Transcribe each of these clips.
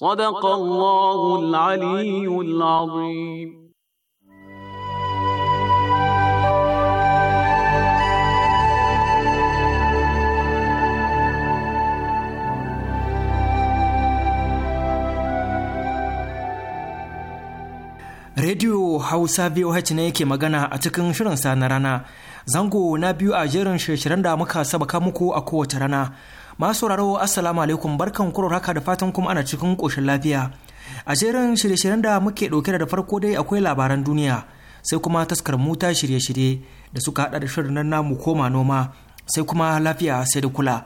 صدق الله العلي العظيم Radio Hausa VOH ne yake magana a cikin shirin sa na rana. Zango na biyu a jerin shirin da muka saba muku a kowace rana. Masu sauraro Assalamu alaikum barkan kuro haka da fatan kuma ana cikin koshin lafiya. A jerin shirye-shiryen da muke ɗauke da farko dai akwai labaran duniya sai kuma taskar muta shirye-shirye da suka haɗa da shirin nan namu koma noma sai kuma lafiya sai da kula.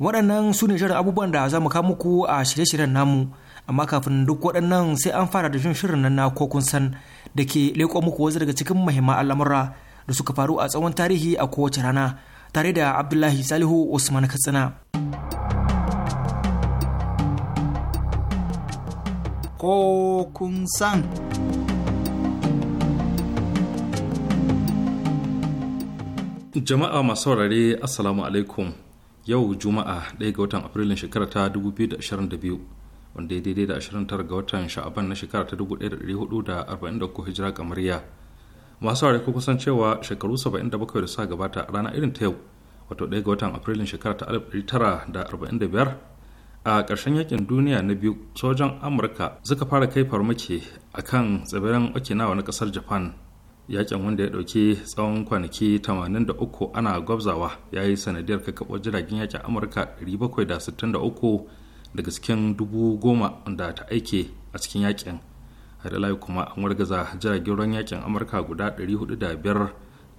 Waɗannan su ne shirin abubuwan da za mu kawo muku a shirye-shiryen namu amma kafin duk waɗannan sai an fara da jin shirin nan na ko kun san da ke leƙo muku wasu daga cikin muhimman al'amura da suka faru a tsawon tarihi a kowace rana tare da Abdullahi Salihu Usman Katsina. ko kun san. Jama'a masu saurare Assalamu alaikum yau Juma'a ɗaya ga watan Afrilun shekara ta 2022 wanda ya daidai da 29 ga watan sha'aban na shekara ta 1443 hijira kamariya. Masu saurare ko kusan cewa shekaru 77 da suka gabata rana irin ta yau wato ɗaya ga watan Afrilun shekara ta 1945 a ƙarshen yakin duniya na biyu sojan amurka suka fara kai farmaki a kan tsibirin okinawa na ƙasar japan yakin wanda ya ɗauki tsawon kwanaki 83 ana gwabzawa ya yi sanadiyar kakaɓo jiragen yakin amurka 763 daga cikin dubu goma da ta aike a cikin yakin hadalayi kuma an wargaza jiragen ruwan yakin amurka guda 405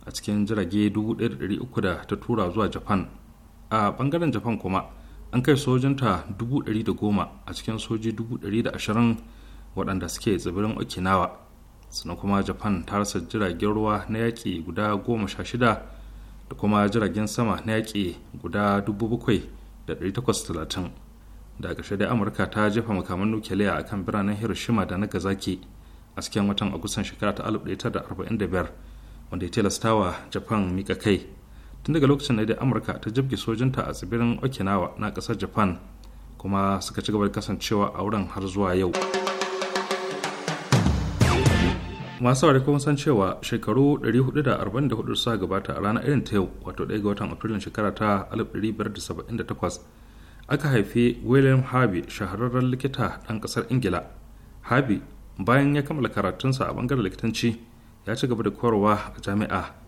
a cikin jirage 1,300 ta tura zuwa japan a bangaren japan kuma an kai sojanta 110,000 a cikin soji 120,000 waɗanda suke tsibirin okinawa sannan kuma japan ta rasa jiragen ruwa na yaƙi guda 16 da kuma jiragen sama na yaƙi guda 7,830 da ƙarshe dai amurka ta jefa makaman nukiliya a kan biranen hiroshima da nagasaki a cikin watan agustan shekara ta 1945 wanda ya tilastawa japan mika kai tun daga lokacin da amurka ta jibge sojinta a tsibirin okinawa na kasar japan kuma suka ci gaba da kasancewa a wurin har zuwa yau masu ware kuma san cewa shekaru 444 suka gabata a ranar irin ta yau wato 1 ga watan afrilun shekara ta 1578 aka haifi william harvey shahararren likita ɗan ƙasar ingila harvey bayan ya kammala karatunsa a bangaren likitanci ya ci gaba da koyarwa a jami'a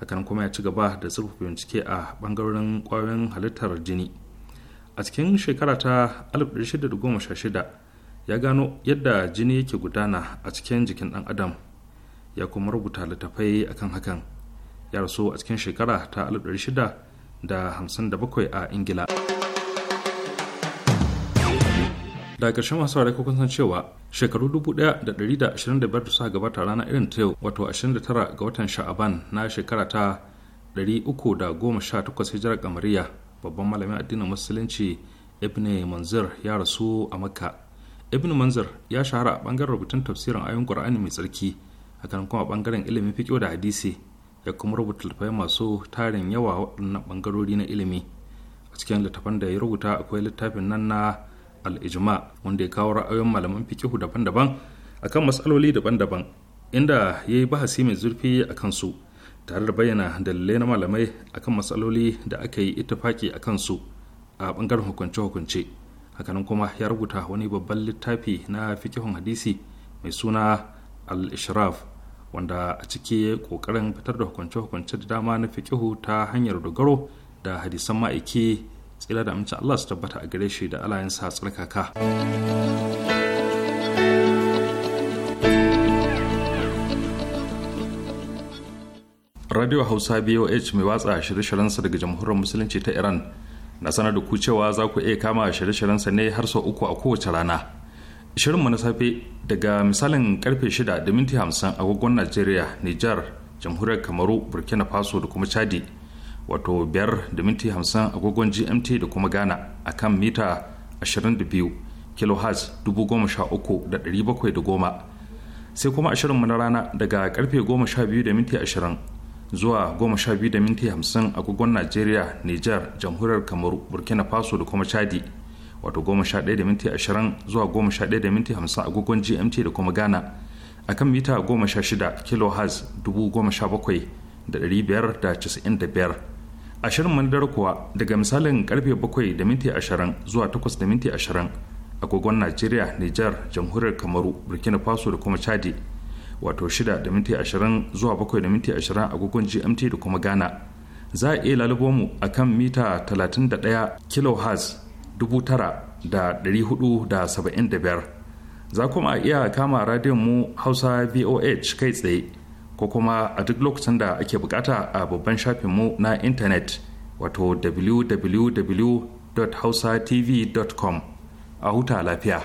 hakan kuma ya ci gaba da zurfafa bincike a bangarorin kwayoyin halittar jini a cikin shekara ta 1616 ya gano yadda jini yake gudana a cikin jikin dan adam ya kuma rubuta littafai akan hakan ya rasu a cikin shekara ta 1657 a ingila da ƙarshen masu ko kuka san cewa shekaru 1125 da suka gabata rana irin ta yau wato 29 ga watan sha'aban na shekara ta 318 hijirar kamariya babban malamin addinin musulunci ibn manzir ya rasu a makka ibn manzir ya shahara a bangaren rubutun tafsirin ayon qur'ani mai tsarki hakan kuma bangaren ilimin fiqh da hadisi ya kuma rubuta littafai masu tarin yawa waɗannan bangarori na ilimi a cikin littafan da ya rubuta akwai littafin nan na al-ijma wanda ya kawo ra'ayoyin malaman fikihu daban-daban akan matsaloli daban-daban inda ya yi bahasi mai zurfi a kansu tare da bayyana dalilai na malamai akan matsaloli da aka yi ita faki a kansu a bangaren hukunce-hukunce hakanan kuma ya rubuta wani babban littafi na fikihun hadisi mai suna al-ishraf wanda a ciki kokarin fitar da hukunce-hukunce da dama na fikihu ta hanyar dogaro da hadisan ma'aiki tsira da amince Allah su tabbata a gare shi da alayensa tsarkaka. Radio Hausa BOH mai watsa shirye sa daga Jamhuriyar Musulunci ta Iran na sanar da ku cewa za ku iya kama shirye sa ne har sau uku a kowace rana. shirin mu na safe daga misalin karfe 6 da minti 50 agogon Najeriya, Nijar, Jamhuriyar Kamaru, Burkina Faso da kuma Chadi. wato 5 da minti agogon gmt da kuma ghana a kan mita 22 kilohertz 13710 sai kuma ashirinmu na rana daga karfe 12.20 20 zuwa 12.50 agogon nigeria niger jamhuriyar kamaru burkina faso da kuma chadi wato 11.20 20 zuwa 11.50 agogon gmt da kuma ghana a kan mita 16 kilohertz 17595 ashirin mandar kuwa daga misalin karfe 7 da minti 20 zuwa 8 da minti 20 agogon najeriya niger jamhuriyar kamaru burkina faso da kuma chadi wato 6 da minti 20 zuwa 7 da minti 20 agogon gmt da kuma ghana za a iya lalubo mu a kan mita 31 kilohertz 9475 za kuma a iya kama radiyon mu hausa voh kai tsaye ko kuma a duk lokacin da ake bukata a babban mu na intanet wato www.hausatv.com a huta lafiya.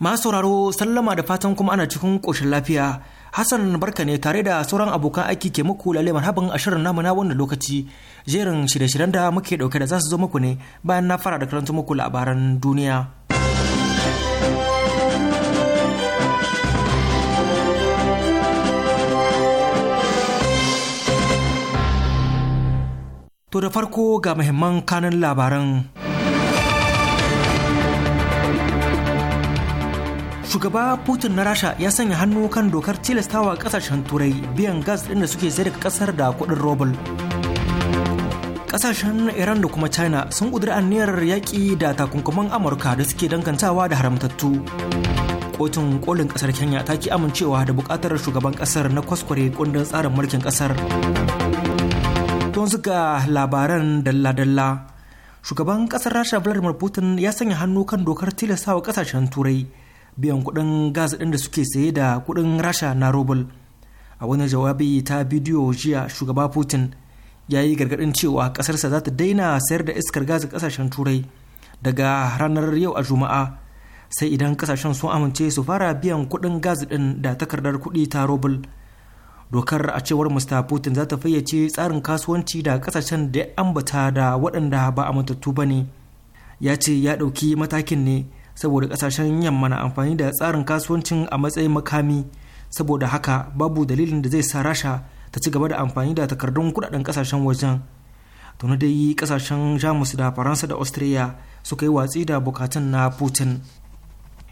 Masu sauraro sallama da fatan kuma ana cikin ƙoshin lafiya. Hassan barka ne tare da sauran abokan aiki ke muku lalle marhaban a shirin namu na wannan lokaci. Jerin shirye-shiryen da muke dauke da za su zo muku ne bayan na fara da karanta muku labaran duniya. To da farko ga muhimman kanun labaran. Shugaba Putin na Rasha ya sanya hannu kan dokar tilastawa kasashen turai biyan gas ɗin da suke sayar da kasar da kuɗin robul. Kasashen Iran da kuma China sun ƙudiri aniyar yaƙi da takunkuman Amurka da suke dangantawa da haramtattu. Kotun kolin ƙasar Kenya ta ki amincewa da buƙatar shugaban ƙasar na kwaskware kundin tsarin mulkin ƙasar. tun suka labaran dalla-dalla shugaban kasar rasha vladimir putin ya sanya hannu kan dokar tilastawa kasashen turai biyan kudin gas ɗin da suke saye da kudin rasha na robul a wani jawabi ta bidiyo jiya shugaba putin ya yi gargaɗin cewa ƙasarsa za ta daina sayar da iskar gas ga kasashen turai daga ranar yau a juma'a sai idan kasashen sun amince su fara biyan kudin gas din da takardar kuɗi ta robul dokar a cewar mr putin za ta fayyace tsarin kasuwanci da kasashen da ya ambata da waɗanda ba a matattu ba ne ya ce ya ɗauki matakin ne saboda kasashen yamma na amfani da tsarin kasuwancin a matsayin makami saboda haka babu dalilin da zai sa rasha ta ci gaba da amfani da takardun kudaden kasashen wajen tuni dai kasashen jamus da faransa da austria suka yi watsi da bukatun na putin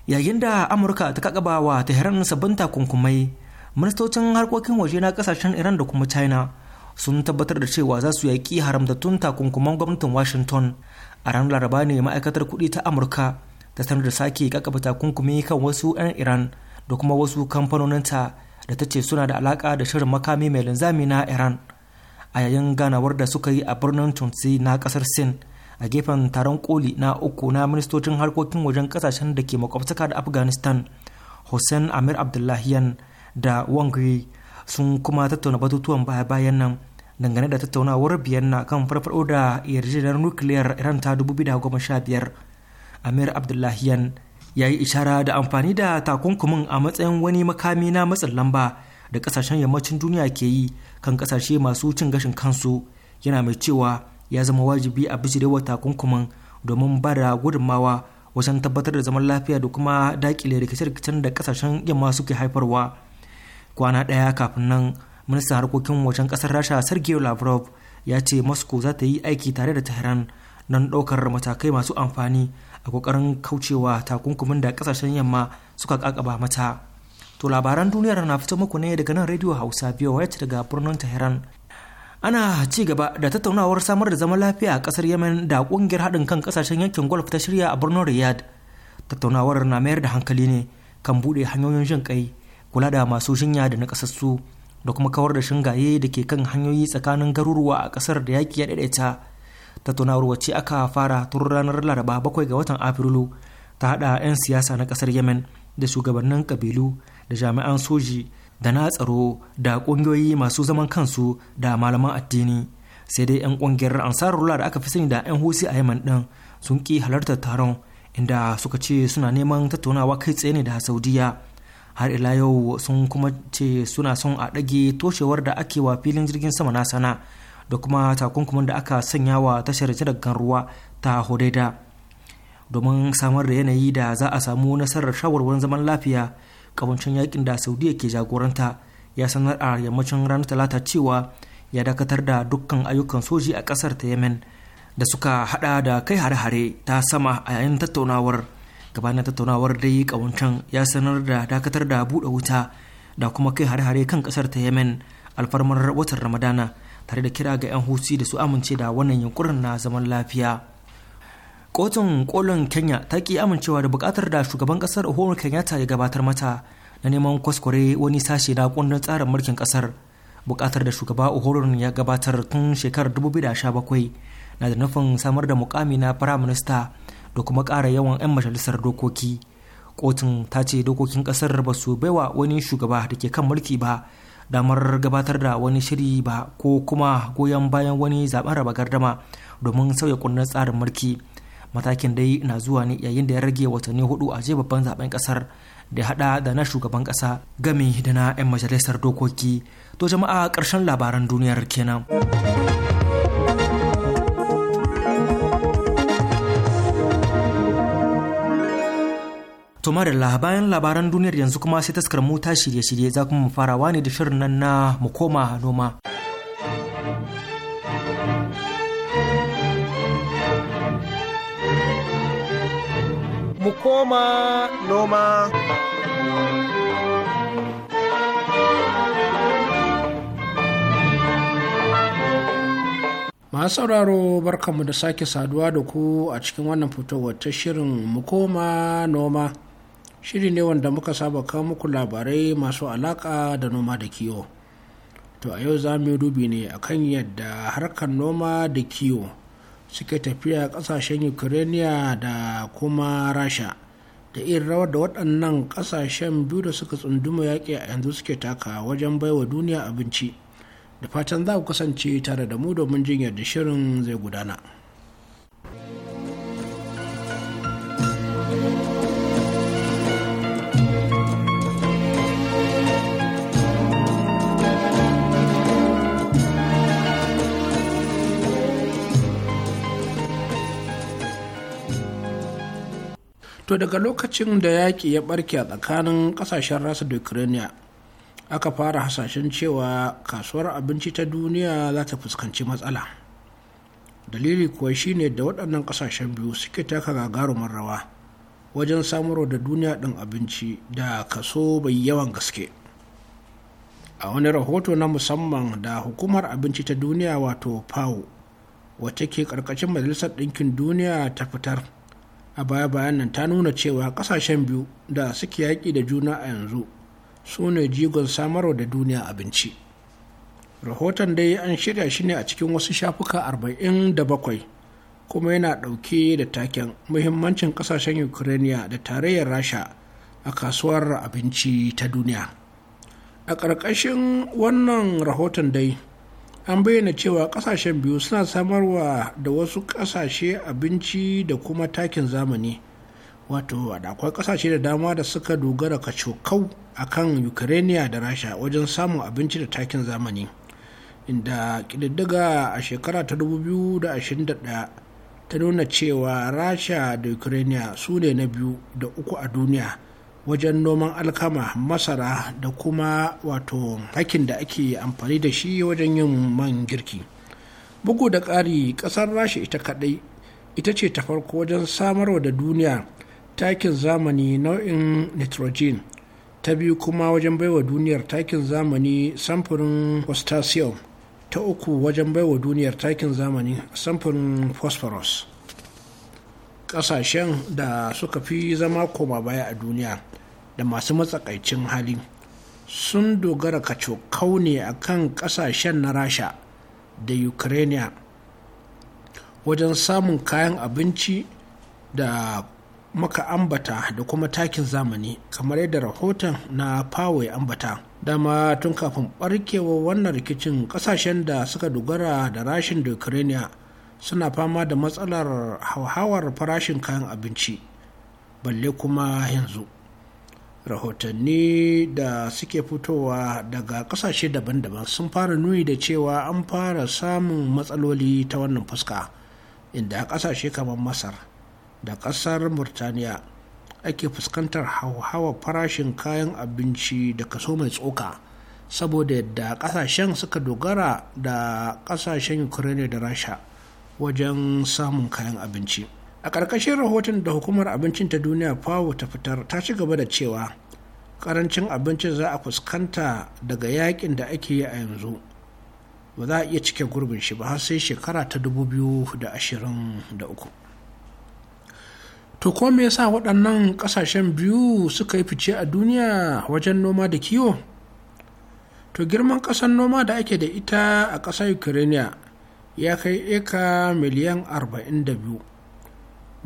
yayin da amurka ta kakaba wa tehran sabbin takunkumai ministocin harkokin waje na kasashen iran da kuma china sun tabbatar da cewa za su yaƙi haramtattun takunkuman gwamnatin washington a ranar laraba ne ma'aikatar kuɗi ta amurka ta sanar da sake kakaba takunkumi kan wasu 'yan iran da kuma wasu kamfanoninta da ta ce suna da alaƙa da shirin makami mai linzami na iran a yayin ganawar da suka yi a birnin tunsi na kasar sin a gefen taron koli na uku na ministocin harkokin wajen ƙasashen da ke makwabtaka da afghanistan hussein amir abdullahiyan da Wang sun kuma tattauna batutuwan baya-bayan nan dangane da tattaunawar na kan farfado da yarjejeniyar nukiliyar iran ta 2015 amir abdullahiyan ya yi ishara da amfani da takunkumin a matsayin wani makami na matsin lamba da kasashen yammacin duniya ke yi kan kasashe masu cin gashin kansu yana mai cewa ya zama wajibi a bijirewa takunkumin domin ba da gudunmawa wajen tabbatar da zaman lafiya da kuma daƙile rikice-rikicen da kasashen yamma suke haifarwa kwana ɗaya kafin nan ministan harkokin wajen ƙasar rasha sergei lavrov ya ce moscow za ta yi aiki tare da tehran don ɗaukar matakai masu amfani a kokarin kaucewa takunkumin da ƙasashen yamma suka ƙaƙaba mata to labaran duniyar na fito muku ne daga nan radio hausa biyu wacce daga birnin tehran ana ci gaba da tattaunawar samar da zaman lafiya a ƙasar yemen da ƙungiyar haɗin kan ƙasashen yankin golf ta shirya a birnin riyad tattaunawar na mayar da hankali ne kan buɗe hanyoyin jin kai kula da masu jinya da nakasassu da kuma kawar da shingaye da ke kan hanyoyi tsakanin garuruwa a kasar da yaki ya daidaita tattaunawar ce aka fara tun ranar laraba bakwai ga watan afrilu ta hada 'yan siyasa na kasar yemen da shugabannin kabilu da jami'an soji da na tsaro da ƙungiyoyi masu zaman kansu da malaman addini sai dai 'yan ƙungiyar ansarullah da aka fi sani da 'yan husi a yemen ɗin sun ki halartar taron inda suka ce suna neman tattaunawa kai tsaye ne da saudiya har ila yau sun kuma ce suna son a ɗage toshewar da ake wa filin jirgin sama na sana da kuma takunkumin da aka sanya wa tashar jiragen ruwa ta hodaida domin samar da yanayi da za a samu nasarar shawarwarin zaman lafiya kawancin yakin da saudiya ke jagoranta ya sanar a yammacin ranar talata cewa ya dakatar da dukkan ayyukan soji a kasar ta yamen da suka hada da kai hare-hare ta sama a yayin tattaunawar gabanin tattaunawar dai kawancan ya sanar da dakatar da buɗe wuta da kuma kai hare-hare kan ƙasar ta yemen alfarmar watan ramadana tare da kira ga 'yan husi da su amince da wannan yunkurin na zaman lafiya kotun kolon kenya ta ki amincewa da bukatar da shugaban kasar uhuru kenyatta ya gabatar mata na neman kwaskware wani sashe na kundin tsarin mulkin kasar bukatar da shugaba uhuru ya gabatar tun shekarar 2017 na da nufin samar da mukami na firaminista da kuma ƙara yawan 'yan majalisar dokoki kotun ta ce dokokin ƙasar ba su baiwa wani shugaba da ke kan mulki ba damar gabatar da wani shiri ba ko kuma goyon bayan wani zaben raba gardama domin sauya kunnen tsarin mulki matakin dai na zuwa ne yayin da ya rage watanni hudu a babban zaben kasar da hada da na shugaban kasa gami da na 'yan majalisar dokoki to jama'a ƙarshen labaran duniyar kenan. To da bayan labaran duniyar yanzu kuma sai taskar mota shirye-shirye za kuma farawa ne da shirin nan na mu koma noma. Mu noma. masu sauraro barkanmu da sake saduwa da ku a cikin wannan fitowar ta shirin mukoma noma shiri ne wanda muka saba kawo muku labarai masu alaka da noma da kiwo to a yau za mu yi dubi ne akan yadda harkar noma da kiwo suke tafiya kasashen ukraine da kuma rasha da irin rawar da waɗannan ƙasashen biyu da suka tsunduma yaƙi a yanzu suke taka wajen baiwa duniya abinci da fatan za ku kasance tare da mu domin jin yadda shirin zai gudana. to daga lokacin da yaƙi ya barke a tsakanin ƙasashen rasa da ukraine aka fara hasashen cewa kasuwar abinci ta duniya za ta fuskanci matsala dalili kuwa shine da waɗannan ƙasashen biyu suke taka gagarumin rawa wajen samarwa da duniya ɗin abinci da kaso bai yawan gaske a wani rahoto na musamman da hukumar abinci ta duniya wato fao wacce ke ƙarƙashin majalisar ɗinkin duniya ta fitar a baya bayan nan ta nuna cewa kasashen biyu da suke yaƙi da juna a yanzu su ne jigon samarwa da duniya abinci rahoton dai an shirya shi ne a cikin wasu shafuka 47 kuma yana ɗauke da taken muhimmancin kasashen ukraine da tarayyar rasha a kasuwar abinci ta duniya a ƙarƙashin wannan rahoton dai an bayyana cewa kasashen biyu suna samarwa da wasu kasashe abinci da kuma takin zamani wato da akwai kasashe da dama da suka dogara kacokau a kan ukraine da rasha wajen samun abinci da takin zamani inda kididdiga a shekara ta 2021 ta nuna cewa rasha da ukraine su ne na biyu da uku a duniya wajen noman alkama masara da kuma wato hakin da ake amfani da shi wajen yin man girki bugu da ƙari ƙasar rasha ita kaɗai ita ce ta farko wajen samarwa da duniya takin zamani nau'in nitrogen ta biyu kuma wajen baiwa duniyar takin zamani samfurin potassium ta uku wajen baiwa duniyar takin zamani samfurin phosphorus ƙasashen da suka fi zama koma baya a duniya da masu matsakaicin hali sun dogara kacokau ne a kan kasashen na rasha da ukraine wajen samun kayan abinci da maka ambata da kuma takin zamani kamar yadda rahoton na fawai ambata dama tun kafin barkewa wannan rikicin kasashen da suka dogara da rashin da ukraine suna fama da matsalar hauhawar farashin kayan abinci balle kuma yanzu rahotanni da suke fitowa daga kasashe daban-daban sun fara nuni da cewa an fara samun matsaloli ta wannan fuska inda kasashe kamar masar da kasar murtaniya ake fuskantar hauhawa farashin kayan abinci da kaso mai tsoka saboda yadda kasashen suka dogara da kasashen ukraine da rasha wajen samun kayan abinci. a ƙarƙashin rahoton da hukumar abincin ta duniya fawo ta fitar ta ci gaba da cewa ƙarancin abincin za a fuskanta daga yakin da ake yi a yanzu ba za a iya cike gurbin shi ba har sai shekara ta da da ashirin uku. to ko me yasa waɗannan ƙasashen biyu suka yi fice a duniya wajen noma da kiwo to girman ƙasar noma da ake da ita a ƙasar ukraine ya kai eka miliyan arba'in da biyu.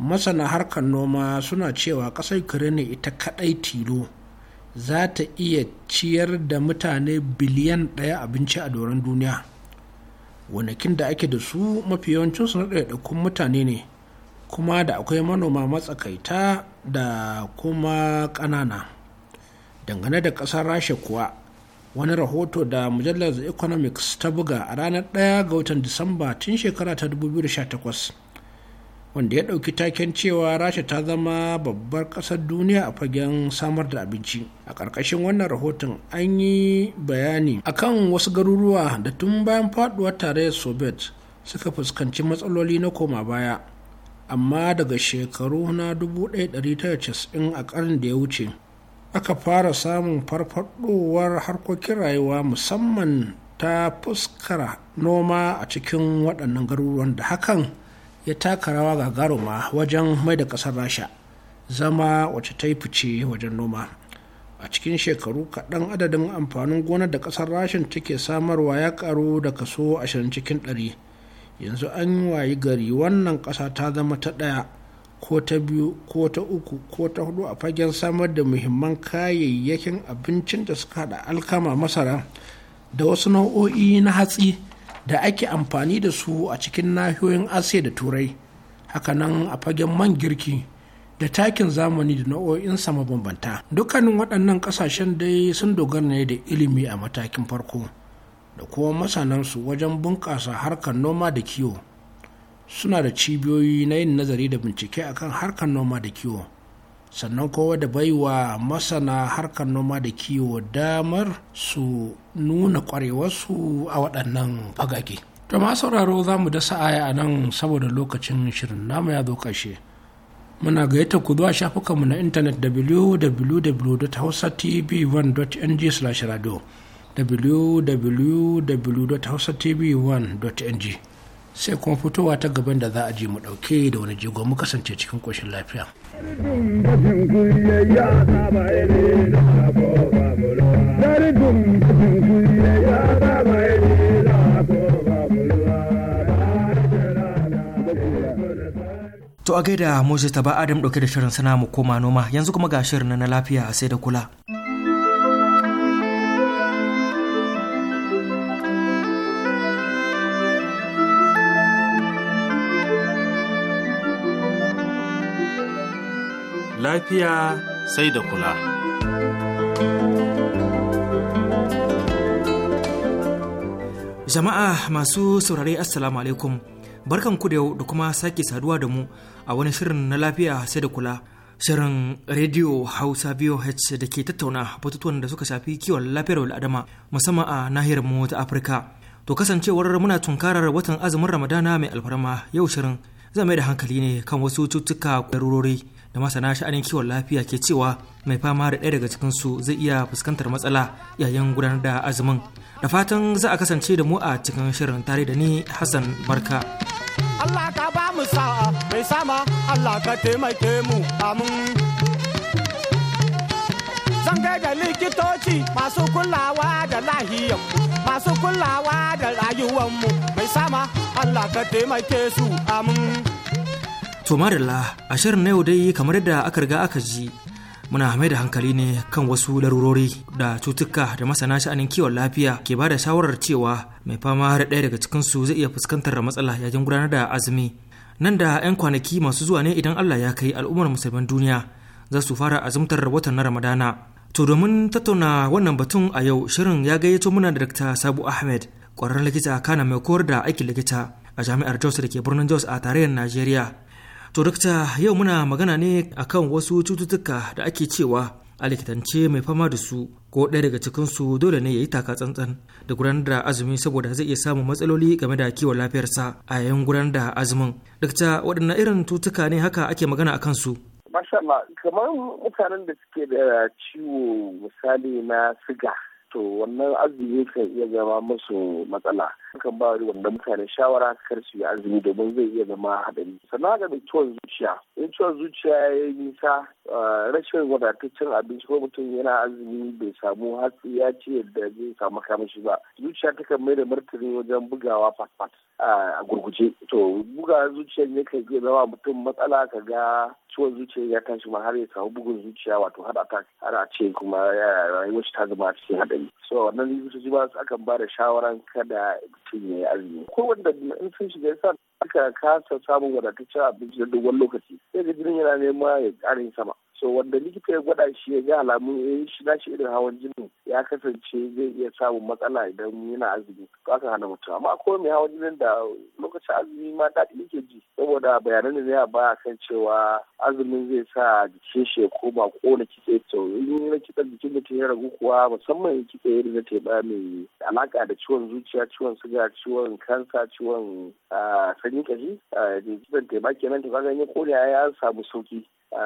masana harkar noma suna cewa ƙasar ukraine ita kaɗai tilo za ta iya ciyar da mutane biliyan ɗaya abinci a doron duniya wanakin da ake da su mafi yawancinsu na ɗaiɗaikun mutane ne kuma da akwai manoma matsakaita da kuma ƙanana dangane da ƙasar rasha kuwa wani rahoto da mujallar the economics ta buga a ranar 1 ga watan disamba tun shekara ta 2018 wanda ya ɗauki taken cewa rasha ta zama babbar ƙasar duniya a fagen samar da abinci a ƙarƙashin wannan rahoton an yi bayani akan wasu garuruwa da tun bayan faɗuwar tarayyar soviet suka fuskanci matsaloli na koma baya amma daga shekaru na 1990 a ƙarin da ya wuce aka fara samun farfaɗowar harkokin rayuwa musamman ta fuskar noma a cikin waɗannan garuruwan da hakan ya taka rawa gagaruma wajen mai da ƙasar rasha zama wacce ta yi fice wajen noma a cikin shekaru kaɗan adadin amfanin gona da ƙasar rashin take samarwa ya karu da kaso ashirin cikin ɗari yanzu an wayi gari wannan ƙasa ta zama ta ɗaya ko ta biyu ko ta uku ko ta hudu a fagen samar da muhimman kayayyakin abincin da suka haɗa alkama masara da wasu nau'o'i na hatsi da ake amfani da su a cikin nahiyoyin asiya da turai hakanan a fagen man girki da takin zamani da sama bambanta. dukkanin waɗannan ƙasashen dai sun dogara ne da ilimi a matakin farko da kuma masanansu wajen bunƙasa harkar noma da kiwo suna da cibiyoyi na yin nazari da bincike akan harkar noma da kiwo sannan kowa da baiwa masana harkar noma da kiwo damar su nuna kwarewarsu a waɗannan fagage. To ma sauraro za mu dasa aya a nan saboda lokacin shirin namu ya zo ƙarshe. Muna gayyata ku zuwa shafukanmu na intanet www.hausatv1.ng/radio www.hausatv1.ng sai kuma fitowa ta gaban da za a je mu ɗauke da wani jigo mu kasance cikin ƙoshin lafiya. To a gaida Moses Taba Adam dauke da shirin sana mu koma noma yanzu kuma ga shirin na lafiya sai da kula. lafiya sai da kula. Jama'a masu saurare Assalamu alaikum. Barkan ku da yau da kuma sake saduwa da mu a wani shirin na lafiya sai da kula. Shirin Radio Hausa VOH da ke tattauna batutuwan da suka shafi kiwon lafiyar al'adama musamman a nahiyar mu ta Afirka. To kasancewar muna tunkarar watan azumin Ramadana mai alfarma yau shirin zai mai da hankali ne kan wasu cututtuka da rurori da masana sha'anin kiwon lafiya ke cewa mai fama da ɗaya daga cikinsu zai iya fuskantar matsala yayin gudanar da azumin da fatan za a kasance da mu a cikin shirin tare da ni hassan barka Allah ka ba mu sa'a mai sama Allah ka taimake mu amin zan da likitoci masu kulawa da lahiyar masu kulawa da rayuwar mu mai sama Allah ka taimake su amin To marilla a shirin na yau dai kamar yadda aka riga aka ji muna mai da hankali ne kan wasu larurori da cutuka da masana sha'anin kiwon lafiya ke ba da shawarar cewa mai fama da ɗaya daga su zai iya fuskantar matsala yayin gudanar da azumi nan da 'yan kwanaki masu zuwa ne idan Allah ya kai al'ummar musulman duniya za su fara azumtar watan na Ramadana. To domin tattauna wannan batun a yau shirin ya gayyato muna da Dr. Sabu Ahmed ƙwararren likita kana mai koyar da aikin likita a jami'ar Jos da ke birnin Jos a tarayyar Najeriya To dokta yau muna magana ne akan wasu cututtuka da ake cewa a likitance mai fama da su ko ɗaya daga cikinsu dole ne ya yi taka tsantsan da gudanar da azumi saboda zai iya samun matsaloli game da kiwon lafiyarsa a yayin gudanar da azumin. Dokta waɗanne irin cututtuka ne haka ake magana akan su? Masha kamar mutanen da suke da ciwo misali na siga to wannan azumi kan iya zama musu matsala kan ba wanda mutane shawara kar su yi azumi domin zai iya zama hadari sannan ga mai ciwon zuciya in ciwon zuciya ya yi nisa rashin wadataccen abinci ko mutum yana azumi bai samu hatsi ya ce yadda zai samu kamashi ba zuciya ta kan mai da martani wajen bugawa fat a gurguje to buga zuciya ne kan iya zama mutum matsala ka ga ciwon zuciya ya tashi ma har ya samu bugun zuciya wato har attack har a ce kuma rayuwar shi ta zama cikin hadari so wannan likitoci ba su akan ba da shawaran kada mutum ya yi azumi ko wanda in sun shiga yasa aka kasa samun wadataccen abinci da dogon lokaci sai ga jinin yana nema ya ƙarin sama so wanda likita ya gwada shi ya ga alamun ya eh, yi shi nashi irin hawan jini ya kasance zai iya samun matsala idan yana azumi to aka hana mutum amma akwai mai hawan jinin da lokacin azumi ma daɗi yake ji saboda bayanan da ya ba kan cewa azumin zai sa jikin shi ya koma kona kitse to in na kitse jikin mutum ya ragu kuwa musamman kitse irin na teɓa mai alaƙa da ciwon zuciya ciwon suga ciwon kansa ciwon ah, sanyin kashi ah, kitsen teɓa kenan to ganye ko kone ya samu sauki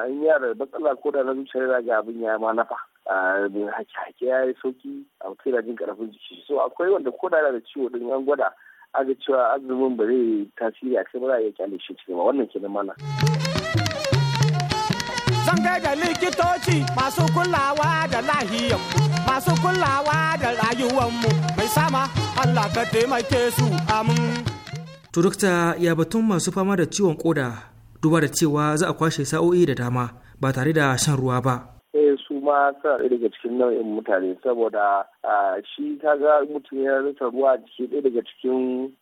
in yara da matsala ko da na zuciya yana abin ya ma nafa hake ya yi sauki a mutum yana jin karfin jiki so akwai wanda ko da da ciwo din yan gwada aga cewa azumin ba zai tasiri a kai ba za a iya kyale shi cikin wannan kenan mana. Zan kai ga likitoci masu kulawa da lahiyar masu kulawa da mu mai sama Allah ka taimake su amin. Turukta ya batun masu fama da ciwon koda duba da cewa za a kwashe sa'o'i da dama ba tare da shan ruwa ba. Eh su ma sa ɗaya daga cikin nau'in mutane saboda shi ta ga mutum ya rasa ruwa a jiki ɗaya daga cikin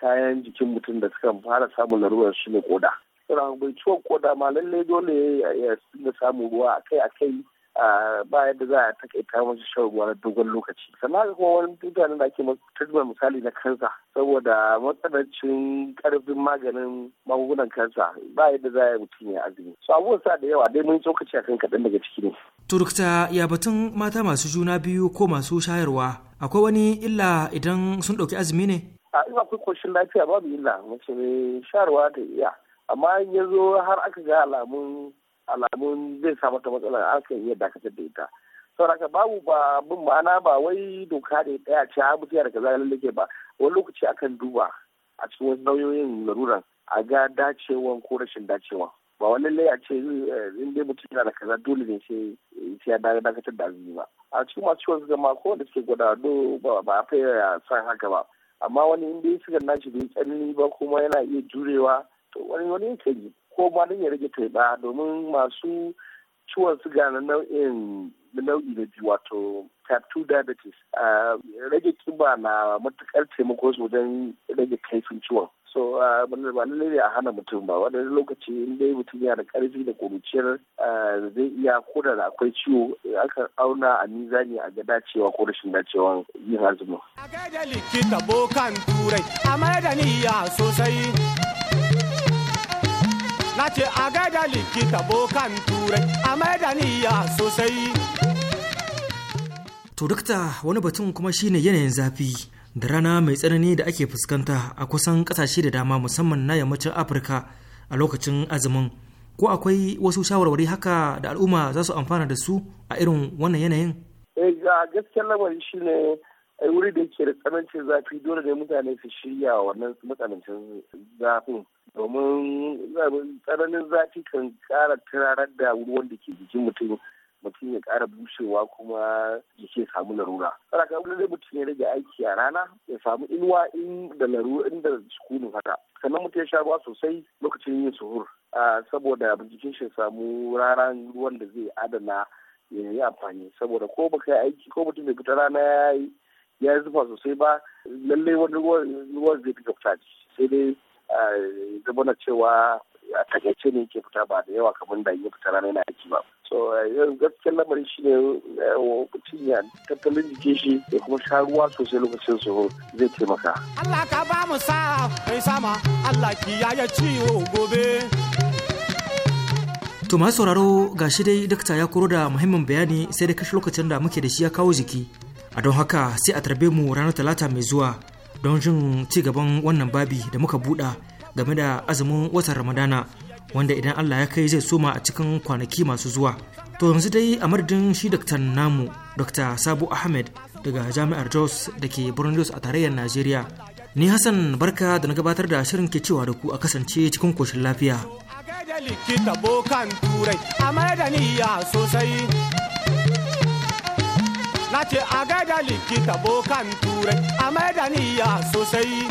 kayan jikin mutum da suka fara samun larurar shi ne koda. bai ciwon koda ma lallai dole ya samu ruwa akai-akai Ah, ba yadda za a takaita musu shan ruwa na dogon lokaci sannan haka kuma wani mutanen da ake treatment misali na kansa saboda matsanancin karfin maganin magungunan kansa ba yadda za a mutum ya azumi su abubuwan sa da yawa dai mun tsokaci a kan kaɗan daga ciki ne. turkta ya batun mata masu juna biyu ko masu shayarwa akwai wani illa idan sun ɗauki azumi ne. a ah, ina akwai koshin lafiya babu illa mace mai shayarwa ta iya amma yanzu har aka ga alamun alamun zai samar ta matsalar a kan iya dakatar da ita haka babu ba bin ma'ana ba wai doka da ɗaya ce a mutu da kaza lalle ba wani lokaci akan duba a cikin nauyoyin laruran a ga dacewan ko rashin dacewa ba wani lalle a ce eh, in dai mutum yana da kaza dole ne sai ya dakatar da azumi ba a cikin masu ciwon zama ko da suke gwada do ba a fayar san haka ba amma wani in dai suga nashi bai tsanani ba kuma yana iya jurewa to wani wani yake yi ko ma don ya rage taiba domin masu ciwon suga na nau'in nau'i da biyu wato type 2 diabetes rage kiba na matukar taimako su wajen rage kaifin ciwon so ba ne a hana mutum ba wani lokaci in dai mutum yana da karfi da kuruciyar zai iya ko da akwai ciwo aka auna a mizani a ga dacewa ko rashin dacewa yin azumin. A gaida likita bokan turai a da niyya sosai na ce a gaida likita bokan turai a da niyya sosai to dukta wani batun kuma shine yanayin zafi da rana mai tsanani da ake fuskanta a kusan kasashe da dama musamman na yammacin afirka a lokacin azumin ko akwai wasu shawarwari haka da al'umma za su amfana da su a irin wannan yanayin eh, ga gaskiyar lamarin shine eh, wuri da ke da tsanancin zafi dole da mutane su shirya wannan matsanancin zafin domin tsananin zafi kan kara turarar da ruwan da ke jikin mutum mutum ya kara bushewa kuma ya ke samu larura. Tsara kan zai mutum ya rage aiki a rana ya samu inuwa in da larura in da sukunin haka. Sannan mutum ya sha ruwa sosai lokacin yin suhur. Saboda jikin shi samu raran ruwan da zai adana ya yi amfani. Saboda ko baka yi aiki ko mutum bai fita rana ya yi ya zufa sosai ba lallai wani ruwan zai fi fita sai dai Eh, zama cewa a takaice ne ke fita ba da yawa kamar da ya fita rana yana aiki ba so eh, yanzu gaskiyar lamarin shi ne eh, ya tattalin jikin shi da kuma sha ruwa sosai lokacin su zai taimaka Allah ka ba mu sa mai sama Allah ki ya ciwo gobe To ma sauraro ga shi dai dakta ya koro da muhimmin bayani sai da kashe lokacin da muke da shi ya kawo jiki. A don haka sai a tarbe mu ranar talata mai zuwa don jin ci gaban wannan babi da muka buɗa game da azumin watan ramadana wanda idan allah ya kai zai soma a cikin kwanaki masu zuwa to yanzu dai a madadin shi daktan namu dr sabu ahmed daga jami'ar jos da ke birnin jos a tarayyar najeriya ni hassan barka da na gabatar da shirin ke cewa da ku a kasance cikin koshin lafiya likita bokan turai a sosai nace ce a gaida likita bokan turai a maida sosai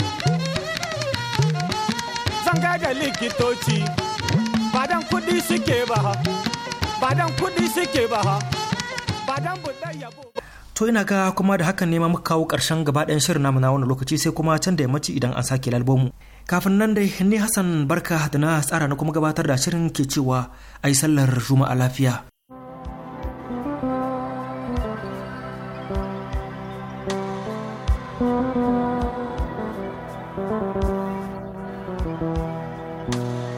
zan gaida likitoci badan kudi suke ba badan kudi suke ba badan budan yabo To ina ga kuma da hakan ne ma muka kawo ƙarshen gaba ɗayan shirin namu na wani lokaci sai kuma can da yammaci idan an sake lalbomu. Kafin nan dai ni Hassan Barka da na tsara na kuma gabatar da shirin ke cewa ai sallar Juma'a lafiya. Thank you.